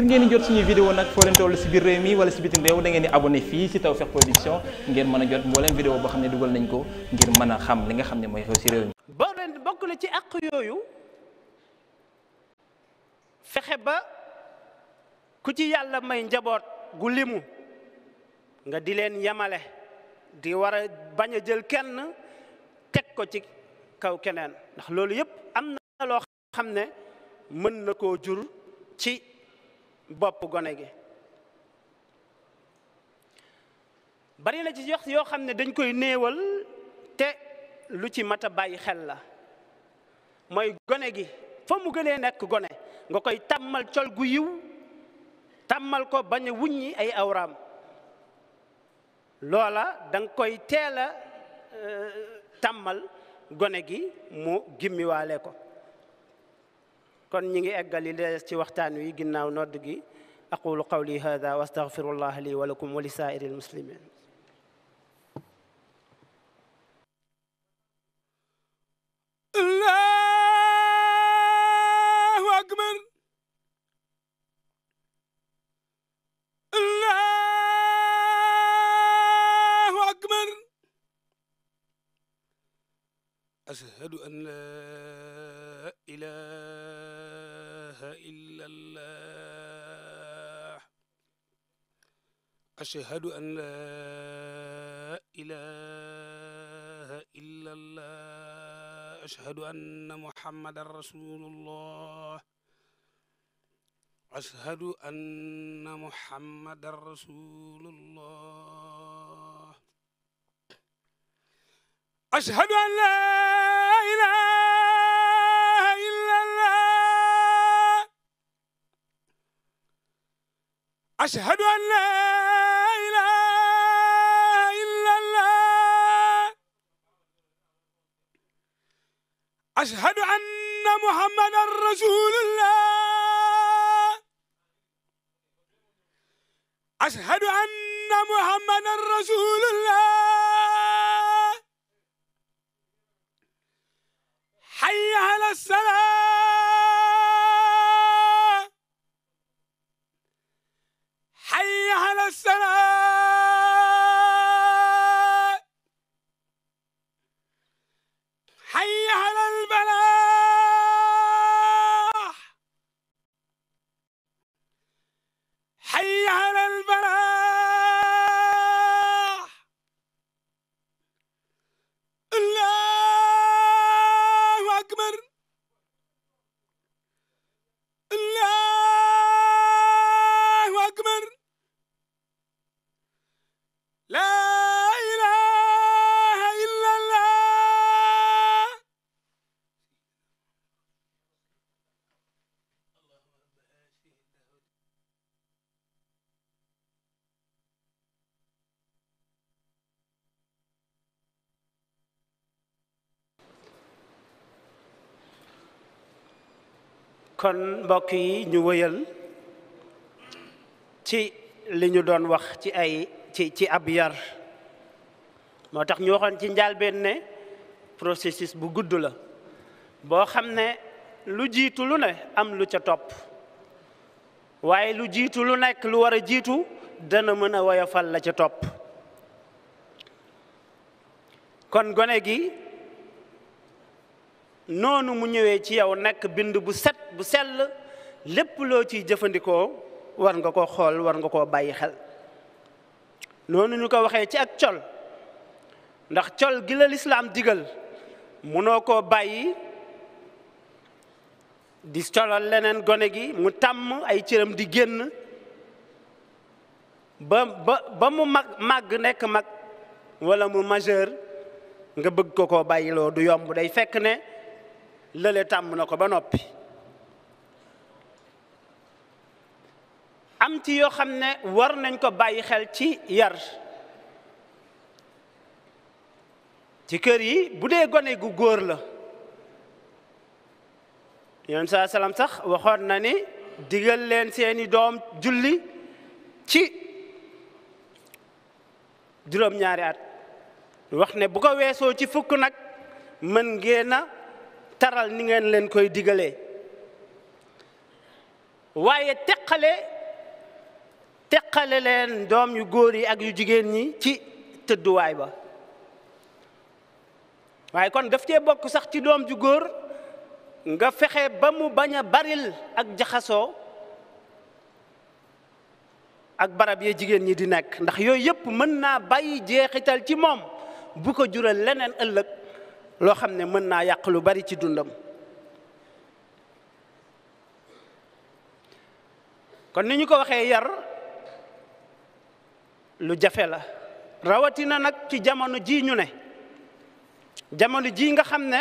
ngir ngeen jot suñuy vidéo nag foo leen toll si réew mi wala si réew da ngeen di abonné fii si Tawfekh a jot mboolem vidéo boo ko a xam li nga xam ne mooy xew si bokk na ci àq fexe ba ku ci yàlla may njaboot gu limu nga di leen yemale di war a bañ a jël kenn teg ko ci kaw keneen ndax loolu yëpp am na loo xam ne mën na koo jur ci. bopp gone gi bari na ci yox yoo xam ne dañ koy néewal te lu ci mat a bàyyi xel la mooy gone gi fa mu gënee nekk gone nga koy tàmmal col gu yiw tàmmal ko bañ a wuññi ay awraam loola danga koy teel a euh, tàmmal gone gi mu gimmiwaale ko kon ñi ngi eggali lees ci waxtaan wi ginnaaw nodd gi aqulu qawli hada wa astaghfirullah li wa lakum wa li saa'iri almuslimin allahu akbar allahu akbar ashhadu an la ilaha ilaha illa allah ashhadu an la ilaha illa allah ashhadu anna muhammadan rasulullah ashhadu anna muhammadan rasulullah ashhadu an la ilaha ashhadu an laa ilaaha illallaah ashhadu anna muhammadan rasuulullaah ashhadu anna muhammadan rasuulullaah hayya ala salaam kon mbokk yi ñu wëyal ci li ñu doon wax ci ay ci ci ab yar moo tax ñu waxoon ci njàlbeen ne processus bu gudd la boo xam ne lu jiitu lu ne am lu ca topp waaye lu jiitu lu nekk lu war a jiitu dana mën a woyofal la ca topp kon gone gi noonu mu ñëwee ci yow nekk bind bu set bu sell lépp loo ciy jëfandikoo war nga ko xool war nga koo bàyyi xel noonu ñu ko waxee ci ak col ndax col gi la lislaam digal munoo koo bàyyi di colal leneen gone gi mu tàmm ay cëram di génn ba ba mu mag màgg nekk mag walla mu majeur nga bëgg ko koo bàyyiloo du yomb day fekk ne lële tàmm na ko ba noppi am ci yoo xam ne war nañ ko bàyyi xel ci yar ci kër yi bu dee gone gu góor la yoon saa salaam sax waxoon na ni digal leen seeni doom julli ci juróom-ñaari at wax ne bu ko weesoo ci fukk nag mën ngeen a taral ni ngeen leen koy digale waaye teqale teqale leen doom yu góor yi ak yu jigéen ñi ci tëdduwaay ba waaye kon daf cee bokk sax ci doom ju góor nga fexe ba mu bañ a baril ak jaxasoo ak barab yee jigéen ñi di nekk ndax yooyu yëpp mën naa bay jeexital ci moom bu ko jural leneen ëllëg loo xam ne mën naa yàq lu bari ci dundam kon ni ñu ko waxee yar lu jafe la rawatina nag ci jamono ji ñu ne jamono ji nga xam ne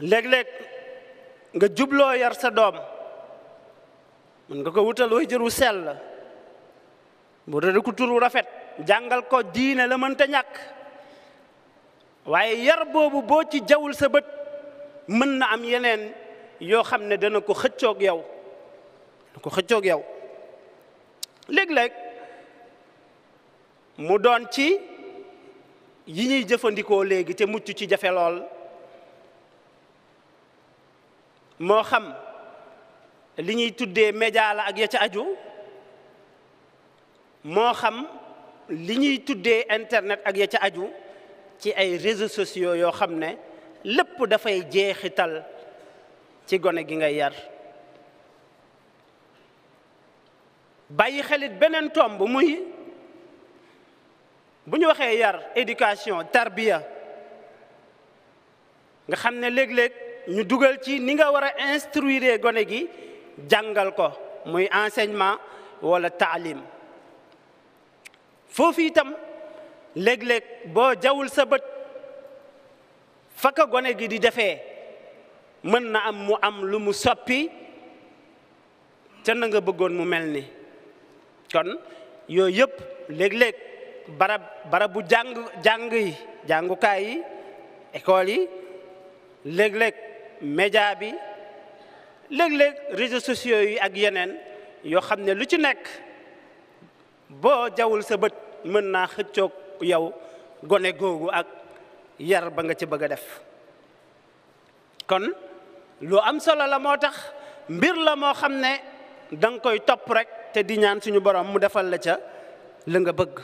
léeg-léeg nga jubloo yar sa doom mën nga ko wutal waajur wu sell bu rëdd ku tur wu rafet jàngal ko diine la mënta ñàkk waaye yar boobu boo ci jawul sa bët mën na am yeneen yoo xam ne dana ko xëccoog yow dana ko yow léeg mu doon ci yi ñuy jëfandikoo léegi te mucc ci jafe lool moo xam li ñuy tuddee média la ak ya ca aju moo xam li ñuy tuddee internet ak ya ca aju ci ay réseaux sociaux yoo xam ne lépp dafay jeexital ci gone gi nga yar bàyyi xelit beneen tomb muy bu ñu waxee yar éducation tarbiya nga xam ne léeg-léeg ñu dugal ci ni nga war a instruire gone gi jàngal ko muy enseignement wala taalim foofu itam léeg boo jawul sa bët fa gone gi di defee mën na am mu am lu mu soppi te na nga bëggoon mu mel ni kon yooyu yëpp léeg-léeg barab barabu jàng jàng yi jàngukaay yi école yi léeg-léeg bi léeg-léeg réseaux sociaux yi ak yeneen yoo xam ne lu ci nekk boo jawul sa bët mën naa xëccoog yow gone googu ak yar ba nga ca bëgg a def kon lu am solo la moo tax mbir la moo xam ne da koy topp rek te di ñaan suñu borom mu defal la ca la nga bëgg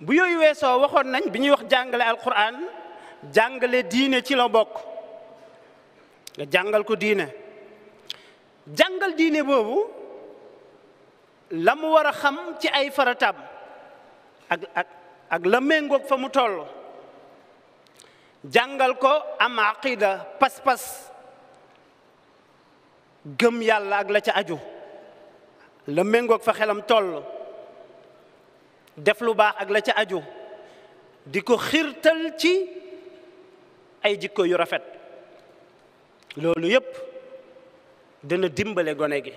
bu yooyu weesoo waxoon nañ bi ñuy wax jàngale alquran jàngale diine ci la bokk nga jàngal ko diine jàngal diine boobu la mu war a xam ci ay farataam ak la méngoog fa mu toll jàngal ko am aqida pas-pas gëm yàlla ak la ca aju la méngoog fa xelam toll def lu baax ak la ca aju di ko xiirtal ci ay jikko yu rafet loolu yépp dana dimbale gone gi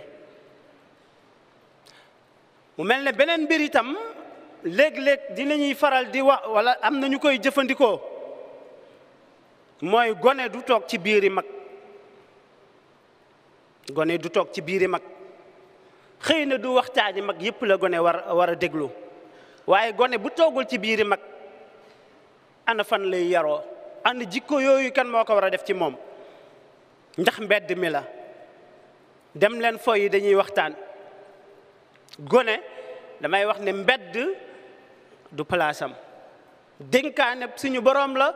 mu mel ne beneen mbir itam léeg-léeg dinañuy faral di wax wala am na ñu koy jëfandikoo mooy gone du toog ci biiri mag gone du toog ci biiri mag xëy na du waxtaani mag yépp la gone war war a déglu waaye gone bu toogul ci biiri mag ana fan lay yaroo ana jikko yooyu kan moo ko war a def ci moom ndax mbedd mi la dem leen fo dañuy waxtaan gone damay wax ne mbedd du palaasam dénkaane suñu boroom la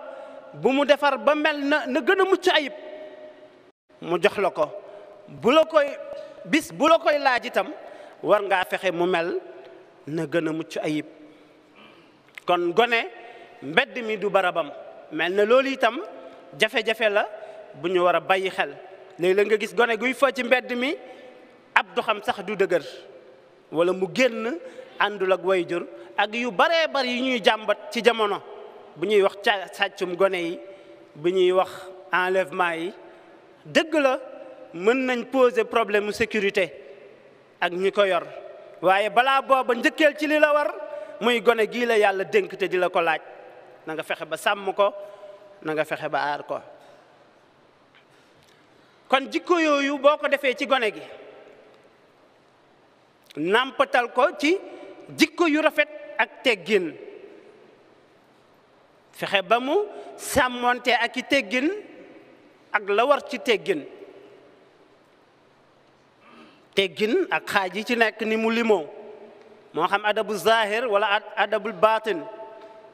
bu mu defar ba mel na na gën a mucc ayib mu jox la ko bu la koy bis bu la koy laaj itam war ngaa fexe mu mel na gën a mucc ayib kon gone mbedd mi du barabam mel na loolu itam jafe-jafe la bu ñu war a bàyyi xel léegi léeg nga gis gone guy foo ci mbedd mi ab doxam sax du dëgër wala mu génn àndul ak wayjur ak yu baree bari yu ñuy jàmbat ci jamono bu ñuy wax ca sàccum gone yi bu ñuy wax enlèvement yi dëgg la mën nañ poser problème mu sécurité ak ñi ko yor waaye balaa booba njëkkeel ci li la war muy gone gii la yàlla dénk te di la ko laaj na nga fexe ba sàmm ko na nga fexe ba aar ko kon jikko yooyu boo ko defee ci gone gi nàmpatal ko ci jikko yu rafet ak teggin fexe ba mu sàmmoonte aki i teggin ak la war ci teggin teggin ak xaaj yi ci nekk ni mu limoo moo xam adabu zahir wala adabul batin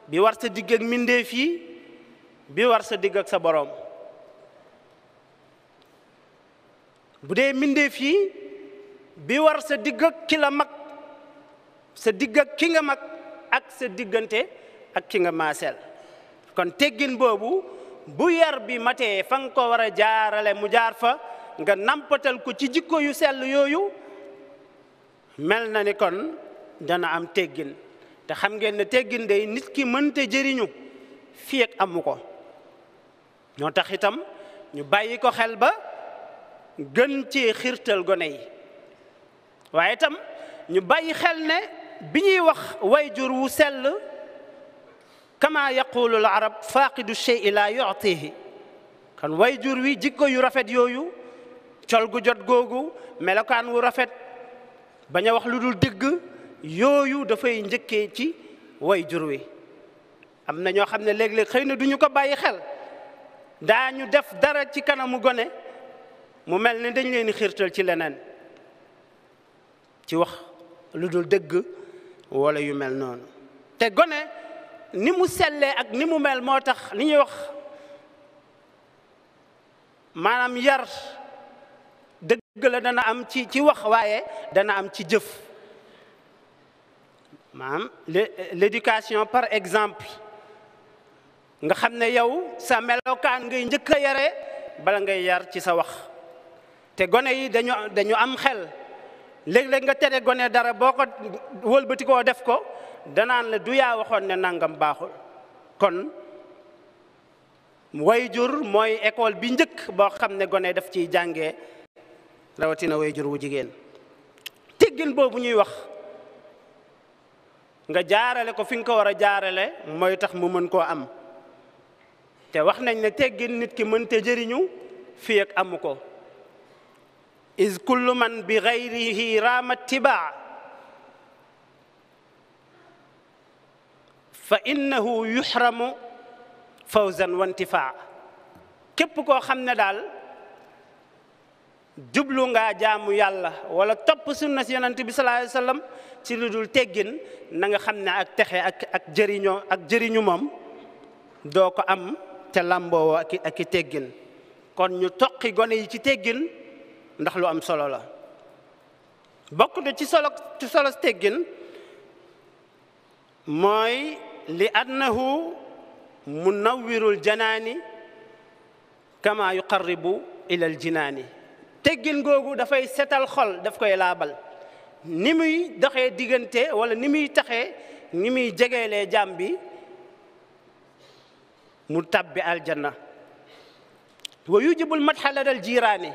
bi war sa digg ak mbindeef yi bi war sa digg ak sa boroom bu dee mbindeef yi bi war sa digg ak mag sa digg ki nga mag ak sa diggante ak ki nga maaseel kon teggin boobu bu yar bi matee fa nga ko war a jaarale mu jaar fa nga nampatal ko ci jikko yu sell yooyu mel na ni kon dana am teggin te xam ngeen ne teggin day nit ki mënta jëriñu fii ak amu ko ñoo taxitam ñu bàyyi ko xel ba gën cee xiirtal gone yi waaye itam ñu bàyyi xel ne bi ñuy wax wayjur wu sell kama yaqulu al arab faqidu shay'i la yu'tihi kon wayjur wi jikko yu rafet yooyu col gu jot googu melokaan wu rafet bañ a wax lu dul dëgg yooyu dafay njëkkee ci wayjur wi am na ñoo xam ne léeg-léeg xëy na duñu ko bàyyi xel daañu def dara ci kanamu gone mu mel ni dañ leen xirtal ci leneen ci wax lu dul dëgg walla yu mel noonu te gone ni mu sellee ak ni mu mel moo tax li ñuy wax maanaam yar dëgg la dana am ci ci wax waaye dana am ci jëf maanaam l'éducation par exemple nga xam ne yow sa melokaan ngay njëkk a yare bala ngay yar ci sa wax te gone yi dañu dañu am xel léeg nga tere gone dara boo ko wëlbati koo def ko danaan la du yaa waxoon ne nangam baaxul kon wayjur mooy école bi njëkk boo xam ne gone daf ciy jàngee rawatina wayjur wu jigéen teggin boobu ñuy wax nga jaarale ko fi nga ko war a jaarale mooy tax mu mën koo am te wax nañ ne teggin nit ki mënte jëriñu fii ak amu ko is kullu man bi gayrihi raama tibaa fa innahu yuxramu fawzan wa intifaa képp koo xam ne daal jublu nga jaamu yàlla wala topp sunna si yonent bi sallallahu ci lu dul teggin na nga xam ne ak texe ak ak ak jëriñu moom doo ko am te làmboo ak teggin kon ñu toqi gone yi ci teggin ndax lu am solo la bokk na ci solo ci solo teggin mooy li annahu munawwirul janaani kama yuqarribu ilal jinaani teggin googu dafay setal xol daf koy laabal ni muy doxee diggante wala ni muy taxe ni muy jegeelee jaam bi mu tàbbi aljanna wa yujibul madxaladal jiiraani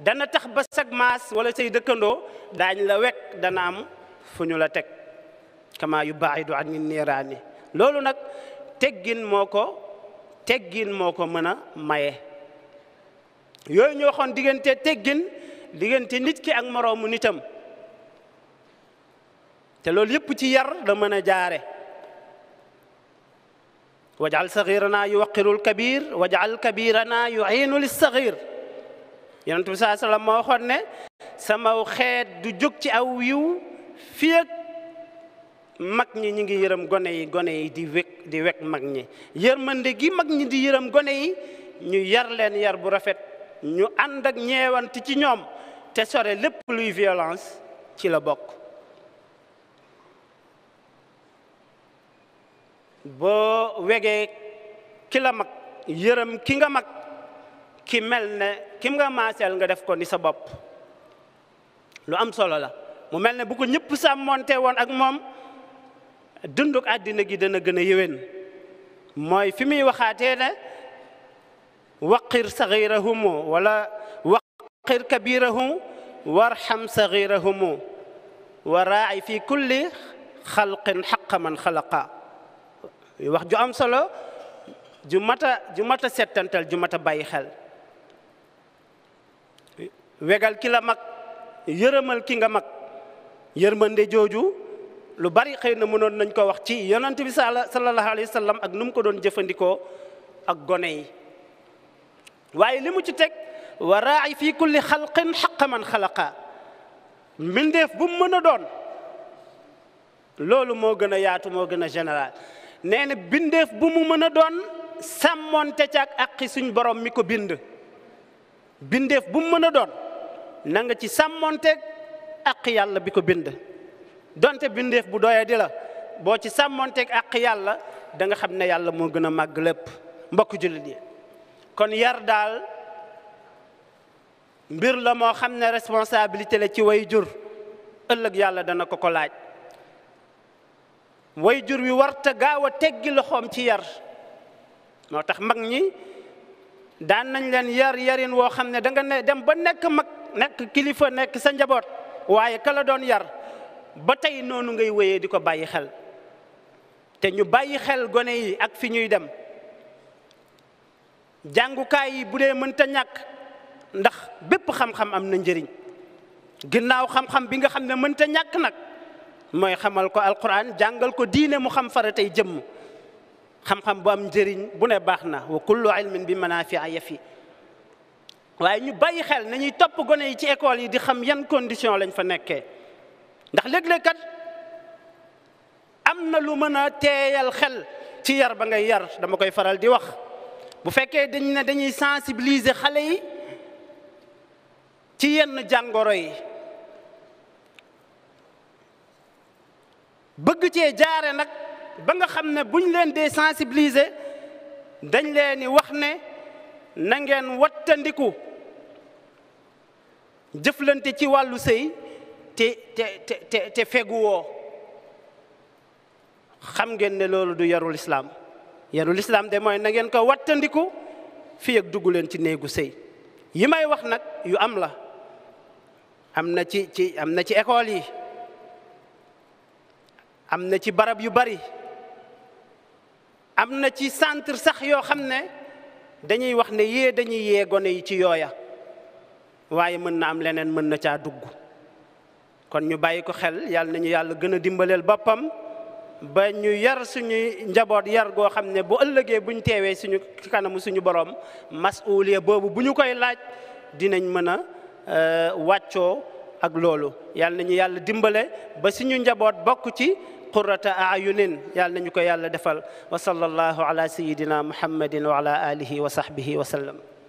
dana tax ba sag maas wala tey dëkkandoo daañ la wekk danaam am fu ñu la teg kama yu baaxidu an ñu niiraani loolu nag teggin moo ko teggin moo ko mën a maye yooyu ñoo xoon diggante teggin diggante nit ki ak moroomu nitam te loolu yëpp ci yar da mën a jaare wajal saxiranaa yuwaqirul kabir wajal kabirana yuiinu lissaxir yonent bi saa sallam moo waxoon ne samaw xeet du jóg ci aw yiw fii mag ñi ñu ngi yërëm gone yi gone yi di wek di wek mag ñi yërmande gi mag ñi di yërëm gone yi ñu yar leen yar bu rafet ñu ànd ak ñeewant ci ñoom te sore lépp luy violence ci la bokk boo wegee ki la mag yërëm ki nga mag ki mel ne kim nga maaseel nga def ko ni sa bopp lu am solo la mu mel ne bu ko ñëpp sàmmoonte woon ak moom dunduk àddina gi dana gën a yéwén mooy fi muy waxaatee ne waqir saxirahumu wala waqir kabirahumu warxam saxirahumu wa raay fi kulli xalqin xaqa man xalaqa wax ju am solo ju mat a ju mat a settantal ju mat a bàyyi xel wegal kila mag yërëmal ki nga mag yërmande jooju lu bari xëy na mënoon nañ ko wax ci yonent bi sallallahu alayhi wa sallam ak nu mu ko doon jëfandikoo ak gone yi waaye li mu ci teg wa raay fii kulli xalqin xaqa man mbindeef bu mu mën a doon loolu moo gën a yaatu moo gën a général nee na bindeef bu mu mën a doon sàmmoonte ca ak àqi suñ borom mi ko bind bindeef bu mu mën a doon nanga ci sàmmonteeg àq yàlla bi ko bind donte bindeef bu doyee la boo ci sàmmonteeg àq yàlla danga xam ne yàlla moo gën a màgg lépp mbokk jullit yi kon yar daal mbir la moo xam ne responsabilité la ci way jur ëllëg yàlla dana ko ko laaj way jur wi warta gaaw a teggi loxoom ci yar moo tax mag ñi daan nañ leen yar yarin woo xam ne da nga dem ba nekk mag nekk kilifa nekk sa njaboot waaye ka la doon yar ba tey noonu ngay wéyee di ko bàyyi xel te ñu bàyyi xel gone yi ak fi ñuy dem jàngukaay yi bu dee mënta ñàkk ndax bépp xam-xam am na njëriñ ginnaaw xam-xam bi nga xam ne mën mënta ñàkk nag mooy xamal ko alquran jàngal ko diine mu xam tey jëmm xam-xam bu am njëriñ bu ne baax na wa kullu ilmin bi manaafi'a ayafi waaye ñu bàyyi xel nañuy topp gone yi ci école yi di xam yan condition lañ fa nekke ndax léeg-léeg am na lu mën a teeyal xel ci yar ba ngay yar dama koy faral di wax bu fekkee dañ ne dañuy sensibiliser xale yi ci yenn jàngoro yi bëgg cee jaare nag ba nga xam ne buñ leen dee sensibilise dañ leen di wax ne na ngeen wattandiku jëflante ci wàllu sëy te te te te feguwoo xam ngeen ne loolu du yarul lislaam yarul lislaam de mooy na ngeen ko wattandiku fii ak dugg leen ci néegu sëy yi may wax nag yu am la am na ci ci am na ci école yi am na ci barab yu bari am na ci centre sax yoo xam ne dañuy wax ne yee dañuy yee gone yi ci yooya waaye mën na am leneen mën na caa dugg kon ñu bàyyi ko xel yàlla nañu yàlla gën a dimbaleel boppam ba ñu yar suñuy njaboot yar goo xam ne bu ëllëgee buñ teewee suñu kanamu suñu borom masuuliya boobu bu ñu koy laaj dinañ mën a euh, wàccoo ak loolu yàlla nañu yàlla dimbale ba suñu njaboot bokk ci qurrata ayunin yàlla nañu ko yàlla defal wa sallallahu ala sayidina muhammadin wa ala alihi wa sahbihi wa sallam